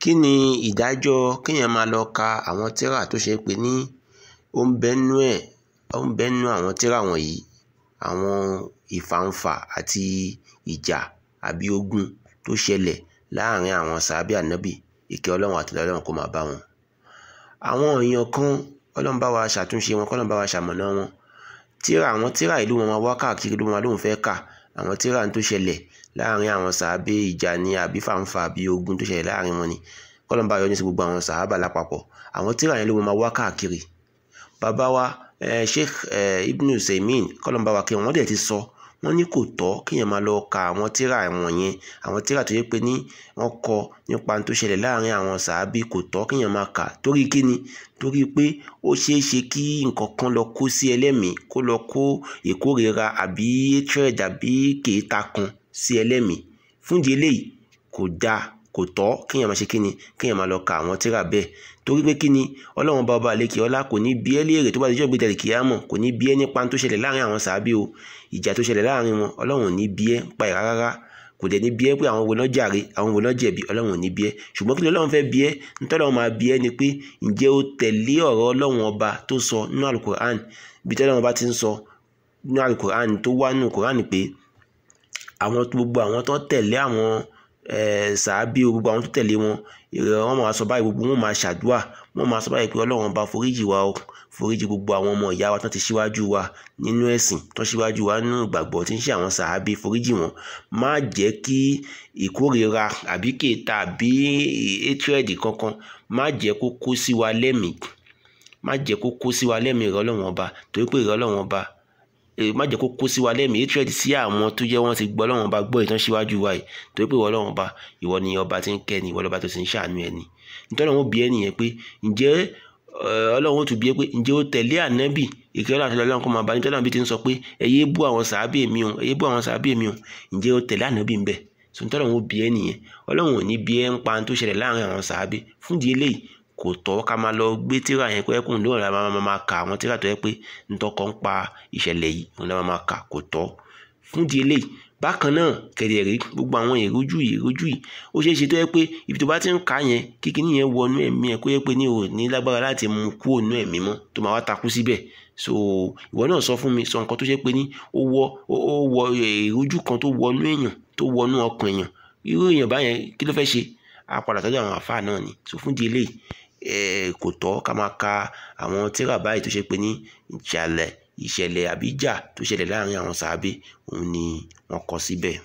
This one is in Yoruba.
kí ni ìdájọ́ kéèyàn máa lọ ka àwọn tírà tó ṣe pé ní ó ń bẹ nú ẹ̀ ó ń bẹ nú àwọn tírà wọ̀nyí àwọn ìfàǹfà àti ìjà àbí ogun tó ṣẹlẹ̀ láàrin àwọn sàábì ànábì ìkẹ́ ọlọ́run àti ọlọ́run kó máa bá wọn. àwọn èèyàn kan ọlọ́run bá wa ṣàtúnṣe wọn kọ́lọ́run bá wa ṣàmọ̀nà wọn tírà àwọn tírà ìlú wọn máa wá káàkiri ló máa lóun fẹ́ kà àwọn tíra tó ṣẹlẹ̀ láàrin àwọn sàábé ìjà ni àbí fàǹfà àbí ogun tó ṣẹlẹ̀ láàrin wọn ni kọ́lọ́mbà yọ ní sí gbogbo àwọn sàábà lápapọ̀ àwọn tíra yẹn ló mọ máa wá káàkiri bàbá eh, sheikh eh, ibn usaymin kọ́lọ́mbà wa kí wọ́n dẹ̀ ti sọ so, wọ́n ní kò tọ́ kéèyàn máa lọ ka àwọn tíra àwọn yẹn àwọn tíra tó yẹ pé ní wọ́n kọ nípa tó ṣẹlẹ̀ láàrin àwọn sàábì kò tọ́ kéèyàn máa kà torí kíni torí pé ó ṣeé ṣe kí nǹkan kan lọ kó sí ẹlẹ́mìí kó lọ kó ìkórira àbí hatred àbí kèéta sí ẹlẹ́mìí fúndìí eléyìí kò dáa kò tọ́ kéèyàn máa ṣe kí ni máa lọ ka àwọn tíra bẹ́ẹ̀ torí pé kí ni ọlọ́run bá ọba àlékè ọlá kò ní bí ẹ́ léèrè tó bá dijọ́ gbẹdẹ̀ kìyàmọ̀ kò ní bí ẹ́ nípa tó ṣẹlẹ̀ láàrin àwọn sàábì o ìjà tó ṣẹlẹ̀ láàrin wọn ọlọ́run ò ní bí ẹ́ pa ẹ̀ rárá kò dẹ̀ ní bí pé àwọn wo àwọn wo ò ní bí ẹ́ ṣùgbọ́n kí Eh, sàábì o gbogbo àwọn tó tẹ̀lé wọn ìrẹ̀ wọn máa sọ báyìí gbogbo wọn máa ṣàdúà wọn máa sọ báyìí pé ọlọ́run ọba foríjì wa o foríjì gbogbo àwọn ọmọ ìyá wa tó ti ṣíwájú wa nínú ẹ̀sìn tó ṣíwájú wa nínú ìgbàgbọ́ tí ń ṣe àwọn sàábì foríjì wọn má jẹ́ kí ìkórira àbí kèéta àbí hatred kankan má jẹ́ kó kó sí wa lẹ́mìí má jẹ́ kó kó sí wa lẹ́mìí ìrẹ̀ ọlọ́run ọba torí pé ìrẹ̀ ọlọ́run ọba má jẹ́ kó kó sí wa lẹ́mìí hatred sí àwọn tó jẹ́ wọ́n ti gbọ́ Ọlọ́run ọba gbọ́ ìtàn síwájú wa yìí torí pé ìwọ Ọlọ́run ọba ìwọ ni ọba tí ń kẹ́ ni ìwọ lọ́ba tó sì ń ṣàánú ẹ̀ ni nítorí Ọlọ́run bí ẹ nìyẹn pé ǹjẹ́ Ọlọ́run tún bí ẹ pé ǹjẹ́ ó tẹ̀lé ànábì ìkẹ́ Ọlọ́run àti Ọlọ́run kó máa bá nítorí Ọlọ́run bí ti ń sọ pé ẹ bú àwọn sàábì mi o ẹ yé bú àwọn sàábì mi o ǹjẹ́ ó tẹ̀lé ànábì ń bẹ̀ sọ̀tọ́lọ́run ó bí ẹ nìyẹn Ọlọ́run ò ní bí ẹ ń pa tó ṣẹlẹ̀ láàrin àwọn sàábì kò tọ́ ká máa lọ gbé tíra yẹn pé ẹkùn lóòrè la máa máa kà àwọn tíra tó yẹ pé ntọ́kọ̀ ń pa ìṣẹ̀lẹ̀ yìí òun la máa máa kà kò tọ́ fún di eléyìí bákan náà kẹ̀dẹ̀ rí gbogbo àwọn ìrújú ìrújú yìí ó ṣeé ṣe tó yẹ pé ibi tó bá ti ń kà yẹn kíkiní yẹn wọnú ẹ̀mí ẹ̀ kó yẹ pé ní o ní lágbára láti mú kúrò nú ẹ̀mí mọ́ tó máa wá takú síbẹ̀ so ìwọ náà sọ fún mi sọ nǹkan tó ṣe pé ní ó wọ ó wọ ìrújú kan tó wọnú èèyàn tó wọnú ọkàn èèyàn irú èèyàn báyẹn kí ló fẹ́ ṣe á tọ́jú àwọn àfáà náà ni so fún di eléyìí kò tọ́ ká máa ka àwọn tíra báyìí tó ṣe pé ní ìjàlẹ̀ ìṣẹ̀lẹ̀ àbí ìjà tó ṣẹlẹ̀ láàrin àwọn sàábé òun ni wọ́n kọ síbẹ̀.